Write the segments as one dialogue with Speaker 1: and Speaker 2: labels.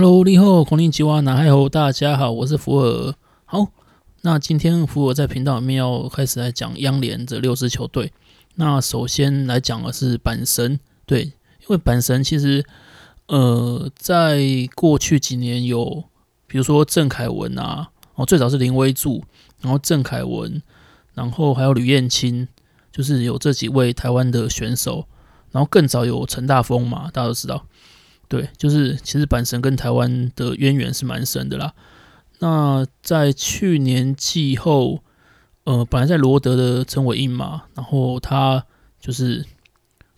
Speaker 1: Hello，你好，Konnichiwa，嗨吼。大家好，我是福爾。好，那今天福爾在頻道裡面要開始來講央聯這六支球隊。那首先來講的是阪神，對，因為阪神其實呃，在過去幾年有，比如說鄭凱文啊，哦，最早是林威助，然後鄭凱文，然後還有呂彥青，就是有這幾位台灣的選手，然後更早有陳大豐嘛，大家都知道。對，就是其實阪神跟台灣的淵源是蠻深的啦。那在去年季後，呃，本來在羅德的陳偉殷嘛，然後他就是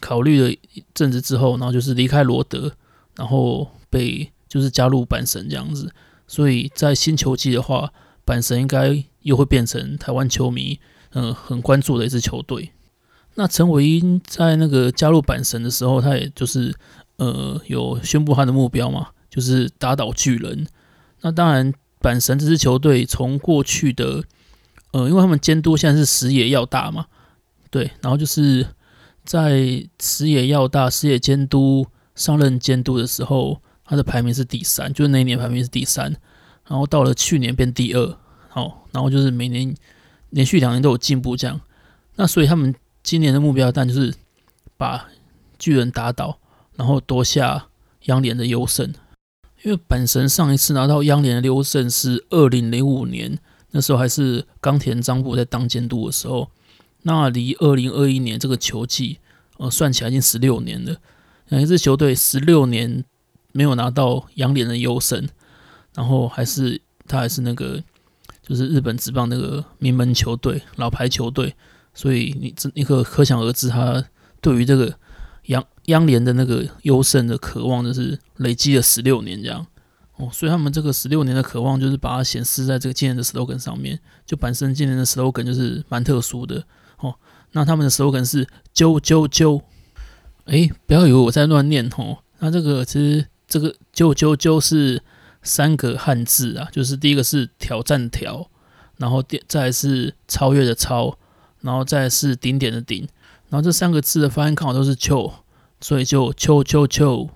Speaker 1: 考慮了一陣子之後，然後就是離開羅德，然後被就是加入阪神這樣子。所以在新球季的話，阪神應該又會變成台灣球迷嗯、呃、很關注的一支球隊。那陳偉殷在那個加入阪神的時候，他也就是。呃，有宣布他的目標嘛，就是打倒巨人。那當然，阪神這支球隊從過去的呃，因為他們監督現在是矢野燿大嘛，對，然後就是在矢野燿大矢野監督上任監督的時候，他的排名是第三，就是那一年排名是第三，然後到了去年變第二，好，然後就是每年連續兩年都有進步這樣。那所以他們今年的目標當然就是把巨人打倒。然後奪下央聯的優勝，因為阪神上一次拿到央聯的優勝是二零零五年，那時候還是岡田彰布在當監督的時候，那離二零二一年這個球季，呃，算起來已經十六年了。那一支球隊十六年沒有拿到央聯的優勝，然後還是他還是那個就是日本職棒那個名門球隊、老牌球隊，所以你這你可可想而知，他對於這個央央聯的那個優勝的渴望，就是累積了十六年這樣哦，所以他們這個十六年的渴望，就是把它顯示在這個今年的 slogan 上面。就本身今年的 slogan 就是蠻特殊的哦。那他們的 slogan 是“啾啾啾”，誒，不要以為我在亂念哦。那這個其實這個“啾啾啾”是三個漢字啊，就是第一個是挑戰的“挑”，然後第再是超越的“超”，然後再是頂點的“頂”，然後這三個字的發音剛好都是“揪”。所以就秋秋秋，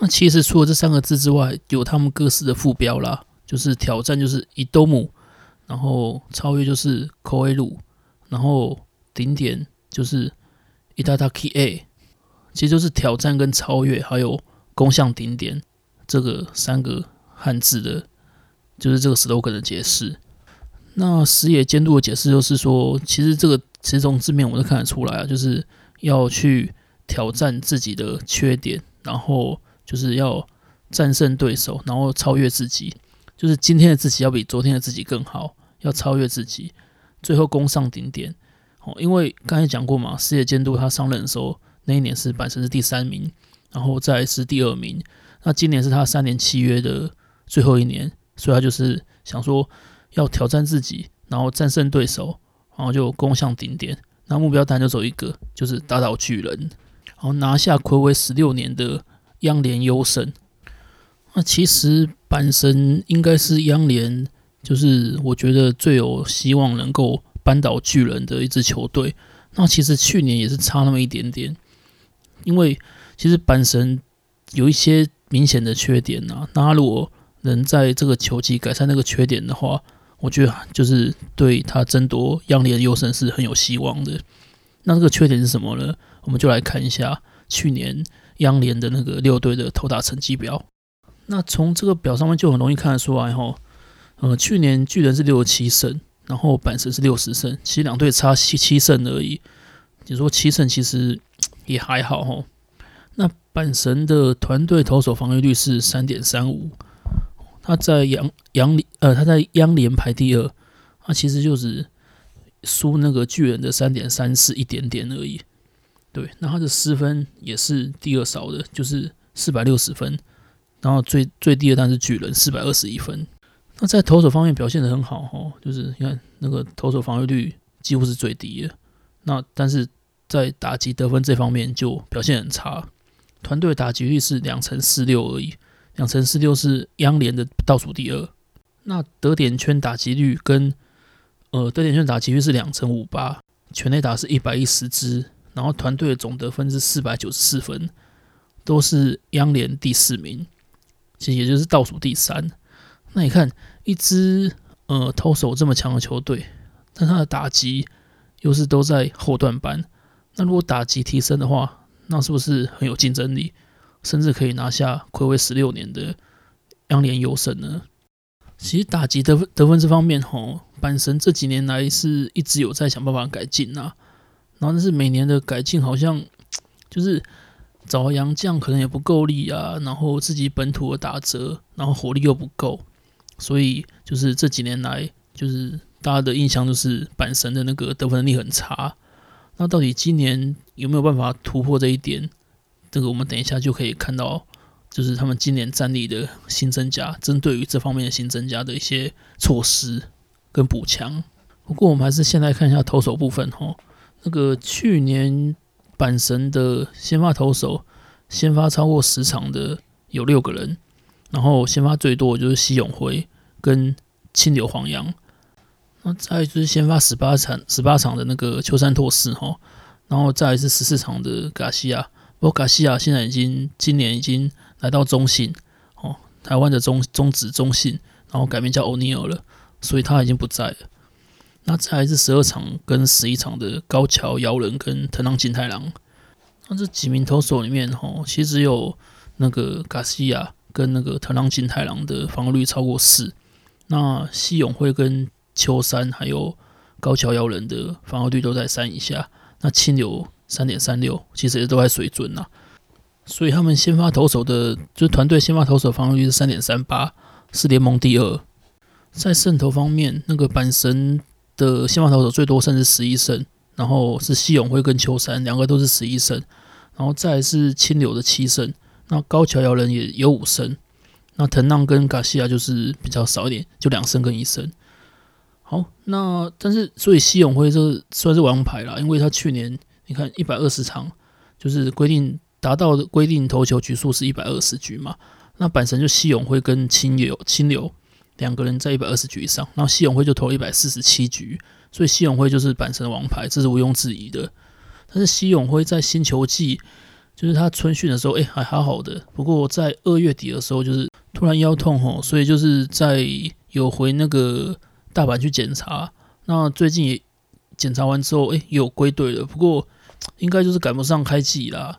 Speaker 1: 那其實除了這三個字之外，有他們各自的副標啦，就是挑戰就是伊多姆，然後超越就是口尾路，然後頂點就是伊達達 K A。其實就是挑戰跟超越，還有攻向頂點這個三個漢字的，就是這個 slogan 的解釋。那矢野監督的解釋就是說，其實這個其實從字面我都看得出來啊，就是要去。挑戰自己的缺點，然後就是要戰勝對手，然後超越自己，就是今天的自己要比昨天的自己更好，要超越自己，最後攻上頂點。哦，因為剛才講過嘛，事業監督他上任的時候，那一年是本身是第三名，然後再是第二名，那今年是他三年契約的最後一年，所以他就是想說要挑戰自己，然後戰勝對手，然後就攻向頂點。那目標單就只有一個，就是打倒巨人。然後拿下暌違十六年的央聯優勝。那其實阪神應該是央聯，就是我覺得最有希望能夠扳倒巨人的一支球隊。那其實去年也是差那麼一點點，因為其實阪神有一些明顯的缺點啊。那他如果能在這個球季改善那個缺點的話，我覺得就是對他爭奪央聯優勝是很有希望的。那這個缺點是什麼呢？我們就來看一下去年央聯的那個六隊的投打成績表。那從這個表上面就很容易看得出來，哦，吼，呃，去年巨人是六十七勝，然後阪神是六十勝，其實兩隊差七七勝而已。你說七勝其實也還好，哦，吼。那阪神的團隊投手防禦率是三點三五，他，呃、在央央聯呃他在央聯排第二，他其實就是輸那個巨人的三點三四一點點而已。對，那他的失分也是第二少的，就是四百六十分，然後最最低的但是巨人四百二十一分。那在投手方面表現得很好哈，就是你看那個投手防御率幾乎是最低的。那但是在打擊得分這方面就表現很差，團隊打擊率是兩成四六而已，兩成四六是央聯的倒數第二。那得點圈打擊率跟呃得點圈打擊率是兩成五八，全壘打是一百一十支然後團隊的總得分是四百九十四分，都是央聯第四名，其實也就是倒數第三。那你看一支呃投手這麼強的球隊，但他的打擊又是都在後段班，那如果打擊提升的話，那是不是很有競爭力，甚至可以拿下暌違十六年的央聯優勝呢？其實打擊得得分這方面，吼阪神這幾年來是一直有在想辦法改進吶、啊。然後但是每年的改進，好像就是找洋將可能也不夠力啊，然後自己本土的打折，然後火力又不夠，所以就是這幾年來，就是大家的印象就是阪神的那個得分能力很差。那到底今年有沒有辦法突破這一點？這、那個我們等一下就可以看到，就是他們今年戰力的新增加，針對於這方面的新增加的一些措施跟補強。不過我們還是先來看一下投手部分哈。那個去年阪神的先發投手，先發超過十場的有六個人，然後先發最多的就是西勇輝跟青柳晃洋，那再來就是先發十八場、十八場的那個秋山拓巳哈，然後再來是十四場的卡西亞，不過卡西亞現在已經今年已經來到中信哦，台灣的中、中職中信，然後改名叫歐尼爾了，所以他已經不在了。那這還是十二場跟十一場的高橋遙人跟藤浪金太郎。那這幾名投手裡面，吼，其實只有那個卡西亞跟那個藤浪金太郎的防禦率超過四。那西永輝跟秋山還有高橋遙人的防禦率都在三以下。那清流三點三六，其實也都在水準吶、啊。所以他們先發投手的，就團隊先發投手的防禦率是三點三八，是聯盟第二。在勝投方面，那個阪神。的先發投手最多甚至十一勝，然後是西永輝跟秋山兩個都是十一勝，然後再來是青柳的七勝，那高橋遙人也有五勝，那藤浪跟嘎西亞就是比較少一點，就兩勝跟一勝。好，那但是所以西永輝這算是王牌啦，因為他去年你看一百二十場，就是規定達到的規定投球局數是一百二十局嘛，那阪神就西永輝跟青柳青柳，兩個人在一百二十局以上，然後西勇輝就投了一百四十七局，所以西勇輝就是阪神的王牌，這是毋庸置疑的。但是西勇輝在新球季，就是他春訓的時候，哎、欸，還好好的。不過在二月底的時候，就是突然腰痛吼，所以就是在有回那個大阪去檢查。那最近也檢查完之後，哎、欸，有歸隊了。不過應該就是趕不上開季啦。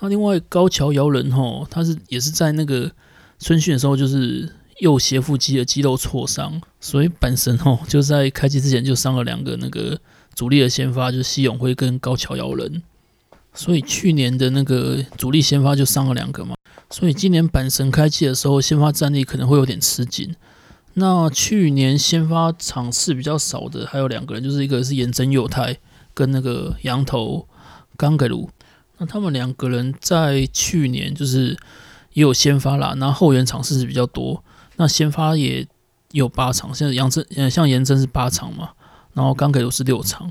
Speaker 1: 那另外高橋遙人吼，他是也是在那個春訓的時候，就是。右斜腹肌的肌肉挫傷，所以阪神吼，就在開季之前就傷了兩個那個主力的先發，就是西勇輝跟高橋遙人。所以去年的那個主力先發就傷了兩個嘛，所以今年阪神開季的時候，先發戰力可能會有點吃緊。那去年先發場次比較少的還有兩個人，就是一個是岩貞祐太跟那個洋投剛給魯，那他們兩個人在去年就是也有先發啦，那後後援場次是比較多。那先發也有八場，現在岩貞像岩貞是八場嘛，然後剛給魯是六場，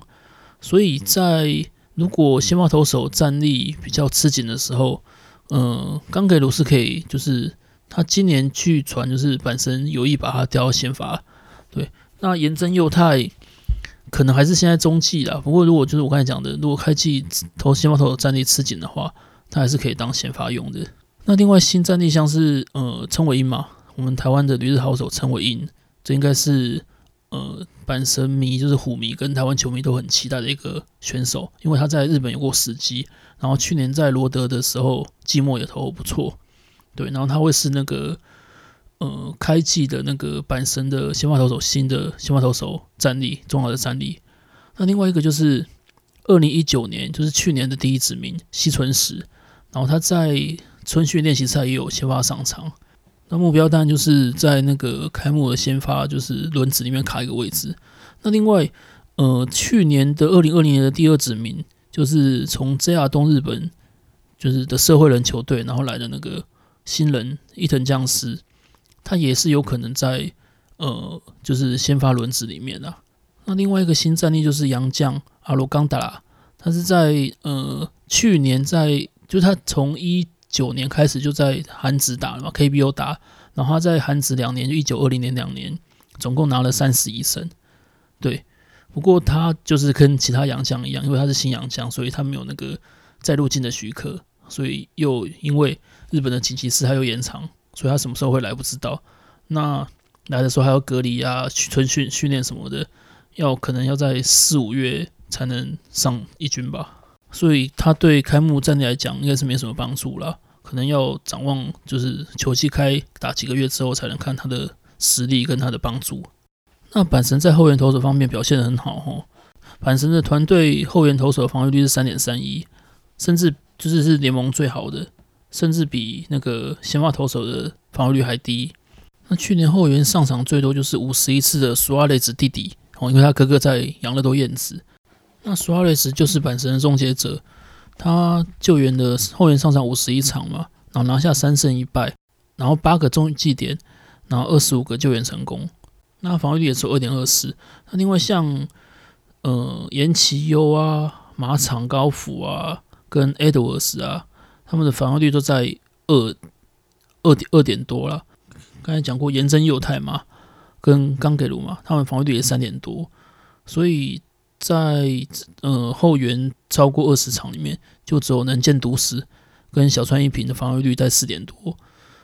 Speaker 1: 所以在如果先發投手戰力比較吃緊的時候，嗯、呃，剛給盧是可以，就是他今年據傳就是本身有意把他調到先發，對，那岩貞祐太可能還是現在中繼啦。不過如果就是我剛才講的，如果開季投先發投手戰力吃緊的話，他還是可以當先發用的。那另外新戰力像是呃陳偉殷嘛。我們台灣的旅日好手陳偉殷，這應該是呃阪神迷就是虎迷跟台灣球迷都很期待的一個選手，因為他在日本有過實績，然後去年在羅德的時候，季末也投不錯，對，然後他會是那個呃開季的那個阪神的先發投手，新的先發投手戰力，重要的戰力。那另外一個就是二零一九年就是去年的第一指名西純矢，然後他在春訓練習賽也有先發上場。那目標當然就是在那個開幕的先發，就是輪子裡面卡一個位置。那另外，呃，去年的二零二零年的第二指名，就是從 JR 東日本就是的社會人球隊然後來的那個新人伊藤將司，他也是有可能在呃就是先發輪子裡面啊。那另外一個新戰力就是洋將阿羅岡達，他是在呃去年在就他從一。九年開始就在韓職打了嘛，KBO 打，然後他在韓職兩年，一九二零年兩年，總共拿了三十一勝。對，不過他就是跟其他洋將一樣，因為他是新洋將，所以他沒有那個再入境的許可，所以又因為日本的緊急事他又延長，所以他什麼時候會來不知道。那來的時候還要隔離啊，去春訓訓練什麼的，要可能要在四五月才能上一軍吧。所以他對開幕戰來講應該是沒什麼幫助了，可能要展望就是球季開打幾個月之後才能看他的實力跟他的幫助。那阪神在後援投手方面表現得很好吼，阪神的團隊後援投手的防禦率是三點三一，甚至就是是聯盟最好的，甚至比那個先發投手的防禦率還低。那去年後援上場最多就是五十一次的蘇阿雷子弟弟哦，因為他哥哥在養樂多燕子。那蘇亞雷斯就是阪神的終結者，他救援的後援上場五十一場嘛，然後拿下三勝一敗，然後八個中繼點，然後二十五個救援成功，那防禦率也是二點二四。那另外像呃岩崎優啊、馬場高輔啊、跟 Edwards 啊，他們的防禦率都在二二點二點多啦。剛才講過岩貞祐太嘛、跟岡給魯嘛，他們防禦率也三點多，所以。在呃後援超過二十場裡面，就只有能見篤史跟小川一平的防禦率在四點多。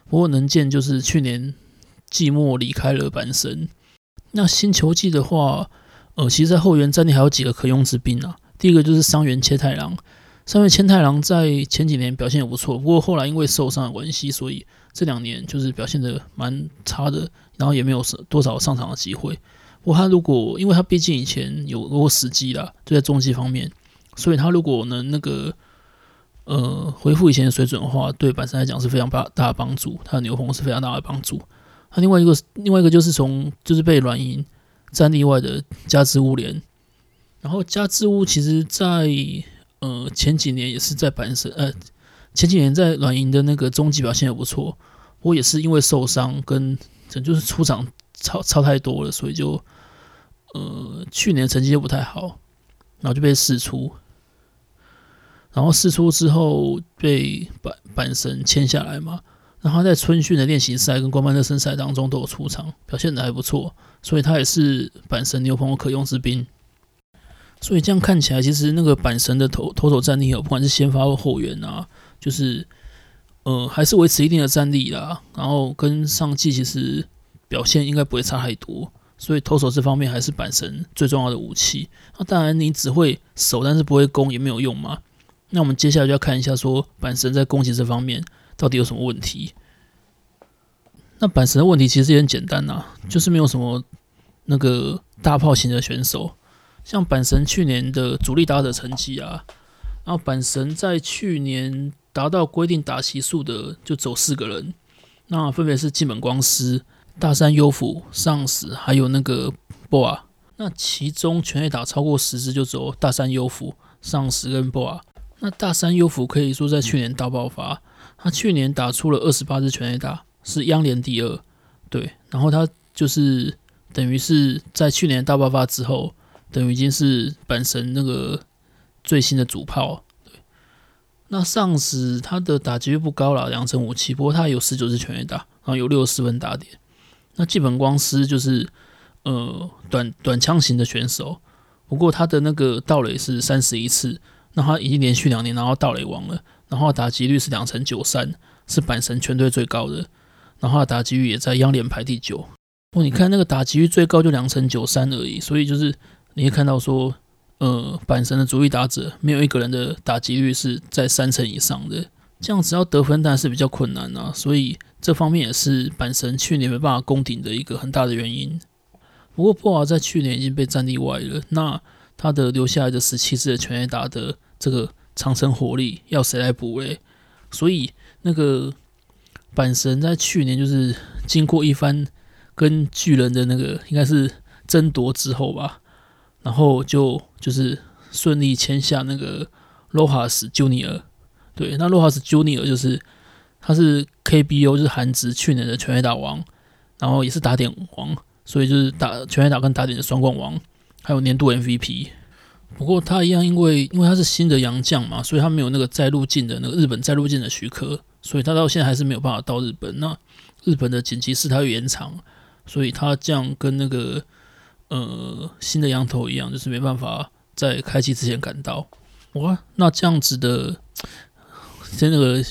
Speaker 1: 不過能見就是去年季末離開了阪神。那新球季的話，呃其實，在後援戰裡還有幾個可用之兵啊。第一個就是桑原謙太朗，桑原謙太朗在前幾年表現也不錯，不過後來因為受傷的關係，所以這兩年就是表現得蠻差的，然後也沒有多少上場的機會。我他如果，因為他畢竟以前有過死機啦，就在中繼方面，所以他如果能那個，呃，恢復以前的水準的話，對阪神來講是非常大大的幫助，他的牛棚是非常大的幫助。他另外一個另外一個就是從就是被軟銀戰力外的加治屋蓮，然後加治屋其實在呃前幾年也是在阪神呃，前幾年在軟銀的那個中繼表現也不錯，不過也是因為受傷跟就是出場。超超太多了，所以就呃去年成績就不太好，然後就被釋出，然後釋出之後被阪阪神簽下來嘛，然後他在春訓的練習賽跟官辦熱身賽當中都有出場，表現得還不錯，所以他也是阪神牛棚可用之兵，所以這樣看起來，其實那個阪神的投投手戰力啊，不管是先發或後援啊，就是呃還是維持一定的戰力啦，然後跟上季其實表現應該不會差太多，所以投手這方面還是板神最重要的武器。那當然，你只會守但是不會攻也沒有用嘛。那我們接下來就要看一下，說板神在攻擊這方面到底有什麼問題。那板神的問題其實也很簡單吶、啊，就是沒有什麼那個大炮型的選手。像板神去年的主力打者成績啊，然後板神在去年達到規定打席數的就走四個人，那分別是基本光師、大山悠輔、喪司還有那個波瓦，那其中全壘打超過十支就只有大山悠輔、喪司跟波瓦。那大山悠輔可以說在去年大爆發，他去年打出了二十八支全壘打，是央聯第二，對。然後他就是等於是在去年大爆發之後，等於已經是阪神那個最新的主炮。那喪司他的打擊率不高啦，兩成五七，不過他有十九支全壘打，然後有六十四分打點。那近本光司就是，呃，短短槍型的選手，不過他的那個盜壘是三十一次，那他已經連續兩年拿到盜壘王了。然後打擊率是兩成九三，是阪神全隊最高的。然後打擊率也在央聯排第九。哦，你看那個打擊率最高就兩成九三而已，所以就是你會看到說，呃，阪神的主力打者沒有一個人的打擊率是在三成以上的，這樣只要得分當然是比較困難啦，啊。所以。這方面也是阪神去年沒辦法攻頂的一個很大的原因。不過，布瓦在去年已經被戰力外了，那他的留下來的十七支的全壘打的這個長程火力要誰來補位？所以，那個阪神在去年就是經過一番跟巨人的那個應該是爭奪之後吧，然後就就是順利簽下那個羅哈斯·朱尼爾。對，那羅哈斯·朱尼爾就是。他是 KBO 就是韓職去年的全壘打王，然後也是打點王，所以就是打全壘打跟打點的雙冠王，還有年度 MVP。不過他一樣，因為因為他是新的洋將嘛，所以他沒有那個再入境的那個日本再入境的許可，所以他到現在還是沒有辦法到日本。那日本的緊急事態又延長，所以他這樣跟那個呃新的洋頭一樣，就是沒辦法在開季之前趕到。哇，那這樣子的，真的。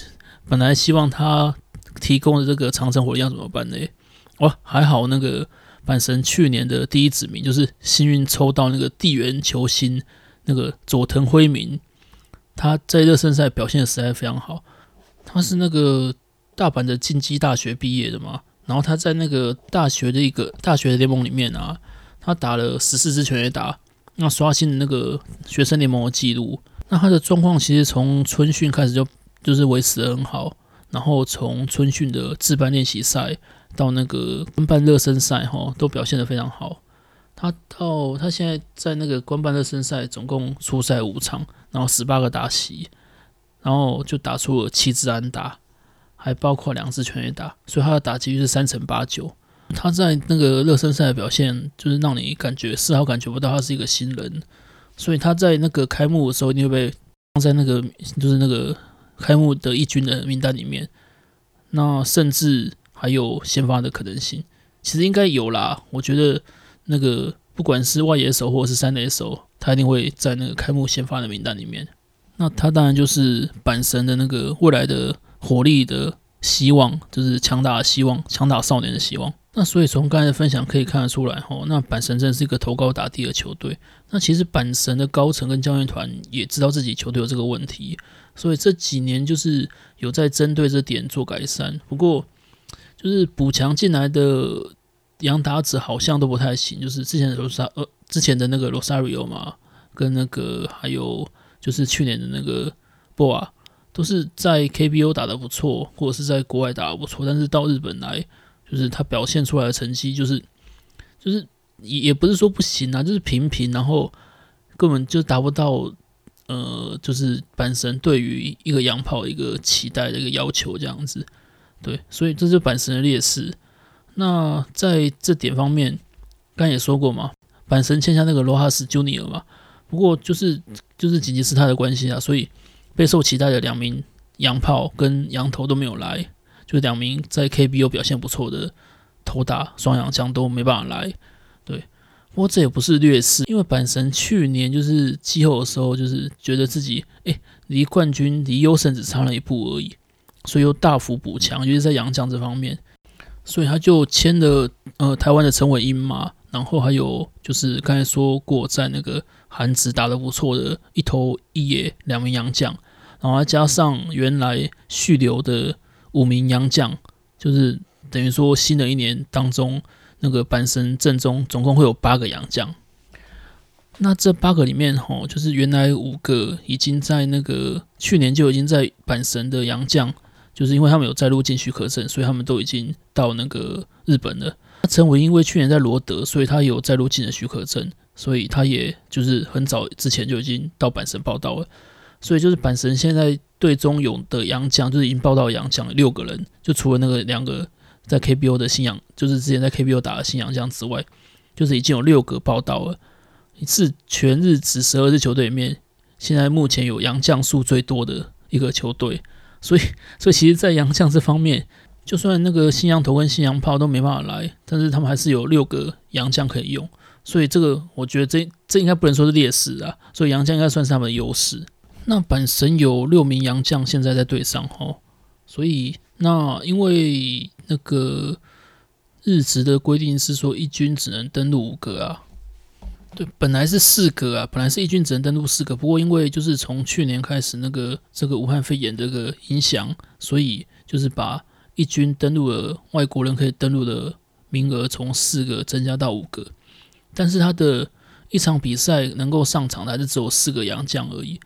Speaker 1: 本來希望他提供的這個長程火力怎麼辦呢？哇，還好那個阪神去年的第一指名，就是幸運抽到那個地緣球星那個佐藤輝明，他在熱身賽表現的實在非常好。他是那個大阪的近畿大學畢業的嘛，然後他在那個大學的一個大學的聯盟裡面啊，他打了十四支全壘打，那刷新的那個學生聯盟的記錄。那他的狀況其實從春訓開始就就是維持的很好，然後從春訓的自辦練習賽到那個官辦熱身賽，哈，都表現的非常好。他到他現在在那個官辦熱身賽，總共出賽五場，然後十八個打席，然後就打出了七支安打，還包括兩支全壘打，所以他的打擊率是三成八九。他在那個熱身賽的表現，就是讓你感覺絲毫感覺不到他是一個新人，所以他在那個開幕的時候，一定會被放在那個就是那個。開幕的一軍的名單裡面，那甚至還有先發的可能性。其實應該有啦，我覺得那個不管是外野手或者是三壘手，他一定會在那個開幕先發的名單裡面。那他當然就是阪神的那個未來的火力的希望，就是強打的希望，強打少年的希望。那所以從剛才的分享可以看得出來，吼，那阪神真是一個投高打低的球隊。那其實阪神的高層跟教練團也知道自己球隊有這個問題，所以這幾年就是有在針對這點做改善。不過，就是補強進來的洋打者好像都不太行，就是之前的羅薩，呃，之前的那個羅薩里奧嘛，跟那個還有就是去年的那個波瓦，都是在 KBO 打的不錯，或者是在國外打的不錯，但是到日本來。就是他表現出來的成績，就是，就是也也不是說不行啊，就是平平，然後根本就達不到，呃，就是阪神對於一個洋炮一個期待的一個要求這樣子，對，所以這是阪神的劣勢。那在這點方面，剛也說過嘛，阪神簽下那個羅哈斯·朱尼爾嘛，不過就是就是緊急事態的關係啊，所以備受期待的兩名洋炮跟洋投都沒有來。就兩名在 KBO 表現不錯的投打雙洋將都沒辦法來，對。不過這也不是劣勢，因為阪神去年就是季後的時候，就是覺得自己誒、欸、離冠軍離優勝只差了一步而已，所以又大幅補強，尤其是在洋將這方面，所以他就簽了呃台灣的陳偉殷嘛，然後還有就是剛才說過，在那個韓職打得不的不錯的，一投一野兩名洋將，然後還加上原來續留的，五名洋將，就是等於說新的一年當中，那個阪神陣中總共會有八個洋將。那這八個裡面、哦，吼，就是原來五個已經在那個去年就已經在阪神的洋將，就是因為他們有在入境許可證，所以他們都已經到那個日本了。陳偉因為去年在羅德，所以他有在入境的許可證，所以他也就是很早之前就已經到阪神報到了。所以就是阪神現在隊中有的洋將就是已經報到的洋將六個人，就除了那個兩個在 KBO 的新洋，就是之前在 KBO 打的新洋將之外，就是已經有六個報到了，是全日職十二支球隊裡面現在目前有洋將數最多的一個球隊。所以，所以其實，在洋將這方面，就算那個新洋頭跟新洋炮都沒辦法來，但是他們還是有六個洋將可以用。所以，這個我覺得這這應該不能說是劣勢啊，所以洋將應該算是他們的優勢。那阪神有六名洋將，現在在隊上哈、哦，所以那因為那個日職的規定是說，一軍只能登錄五個啊。對，本來是四個啊，本來是一軍只能登錄四個，不過因為就是從去年開始那個這個武漢肺炎這個影響，所以就是把一軍登錄的外國人可以登錄的名額從四個增加到五個，但是他的一場比賽能夠上場的還是只有四個洋將而已。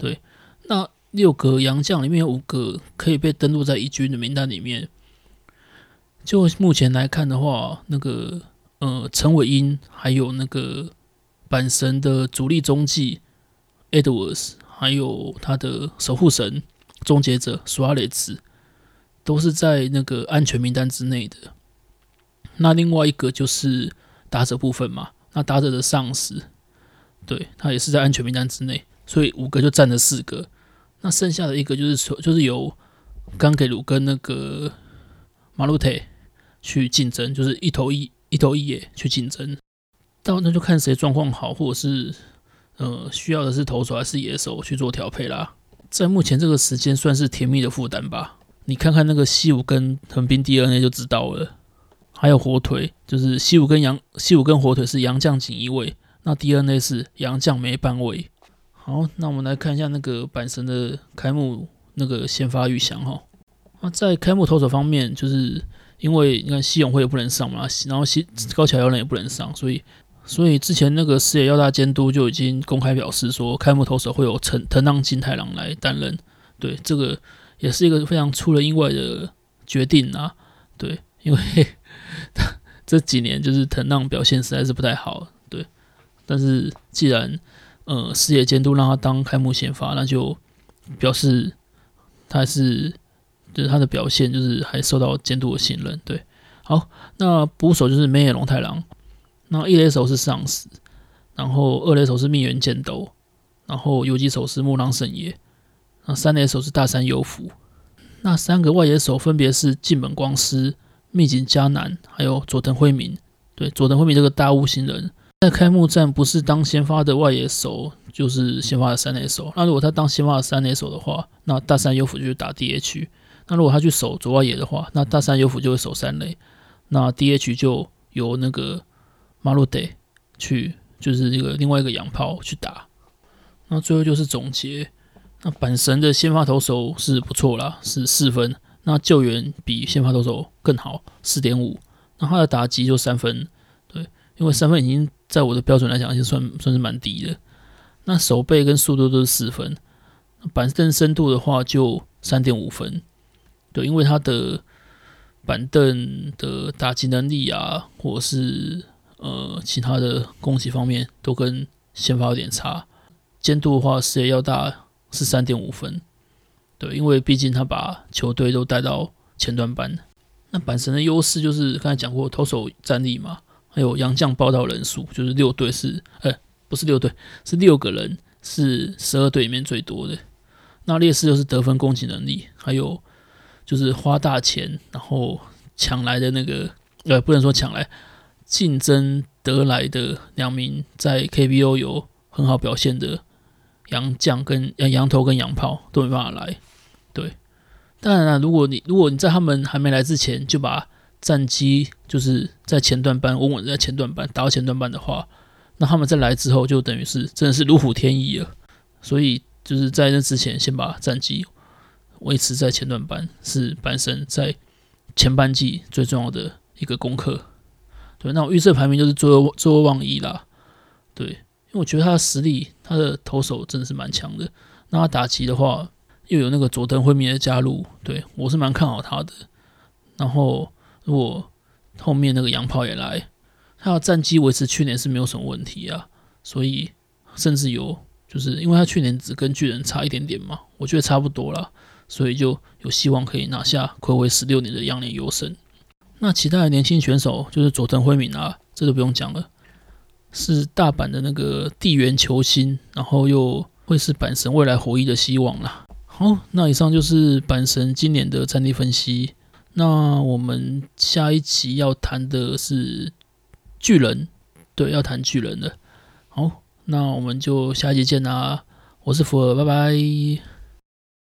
Speaker 1: 對，那六個洋將裡面有五個可以被登錄在一軍的名單裡面。就目前來看的話，那個呃陳偉殷，還有那個阪神的主力中繼，Edwards，還有他的守護神終結者 Suarez，都是在那個安全名單之內的。那另外一個就是打者部分嘛，那打者的上司，對，他也是在安全名單之內。所以五個就占了四個，那剩下的一個就是說，就是由剛給魯跟那個馬路腿去競爭，就是一投一一投一野去競爭。到那就看誰狀況好，或者是呃需要的是投手還是野手去做調配啦。在目前這個時間算是甜蜜的負擔吧。你看看那個西武跟橫濱 DeNA 就知道了。還有火腿，就是西武跟洋西武跟火腿是洋將僅一位，那 DeNA 是洋將沒半位。好，那我們來看一下那個阪神的開幕那個先發預想哈。那、啊、在開幕投手方面，就是因為你看西勇輝也不能上嘛，然後西高橋遙人也不能上，所以所以之前那個矢野燿大監督就已經公開表示說，開幕投手會由藤藤浪晉太郎來擔任。對，這個也是一個非常出人意外的決定啊。對，因為這幾年就是藤浪表現實在是不太好。對，但是既然呃，矢野監督讓他當開幕先發，那就表示他還是就是他的表現就是還受到監督的信任，對。好，那捕手就是梅野隆太郎，那一壘手是上司，然後二壘手是糸原健斗，然後游擊手是木浪聖也，那三壘手是大山悠輔。那三個外野手分別是近本光司、糸井嘉男，還有佐藤輝明，對，佐藤輝明這個大物新人。在開幕戰不是當先發的外野手，就是先發的三壘手。那如果他當先發的三壘手的話，那大山悠輔就是打 DH。那如果他去守左外野的話，那大山悠輔就會守三壘，那 DH 就由那個馬路得去，就是那個另外一個洋炮去打。那最後就是總結，那阪神的先發投手是不錯啦，是四分。那救援比先發投手更好，四點五。那他的打擊就三分。因為三分已經在我的標準來講，就算，算是蠻低的。那守備跟速度都是四分，板凳深度的話就三點五分。對，因為他的板凳的打擊能力啊，或者是呃其他的攻擊方面，都跟先發有點差。監督的話是矢野燿大，是三點五分。對，因為畢竟他把球隊都帶到前段班。那阪神的優勢就是剛才講過投手戰力嘛。還有洋將報到人數，就是六隊是，呃、欸，不是六隊，是六個人，是十二隊裡面最多的。那劣勢就是得分攻擊能力，還有就是花大錢然後搶來的那個，呃、欸，不能說搶來，競爭得來的兩名在 KBO 有很好表現的洋將跟洋洋頭跟洋炮都沒辦法來。對，當然啦、啊，如果你如果你在他們還沒來之前就把。戰績就是在前段班，穩穩在前段班，打到前段班的話，那他們再來之後就等於是真的是如虎添翼了。所以就是在那之前，先把戰績維持在前段班，是阪神在前半季最重要的一個功課。對，那我預測排名就是最後最後望一啦。對，因為我覺得他的實力，他的投手真的是蠻強的。那他打擊的話，又有那個佐藤輝明的加入，對我是蠻看好的他的。然後。如果後面那個洋炮也來，他的戰績維持去年是沒有什麼問題啊，所以甚至有，就是因為他去年只跟巨人差一點點嘛，我覺得差不多了，所以就有希望可以拿下暌違十六年的央聯優勝。那其他的年輕選手，就是佐藤輝明啊，這個不用講了，是大阪的那個地緣球星，然後又會是阪神未來活力的希望啦。好，那以上就是阪神今年的戰力分析。那我們下一期要談的是巨人，對，要談巨人的。好，那我們就下一集見啦。我是福爾，拜拜。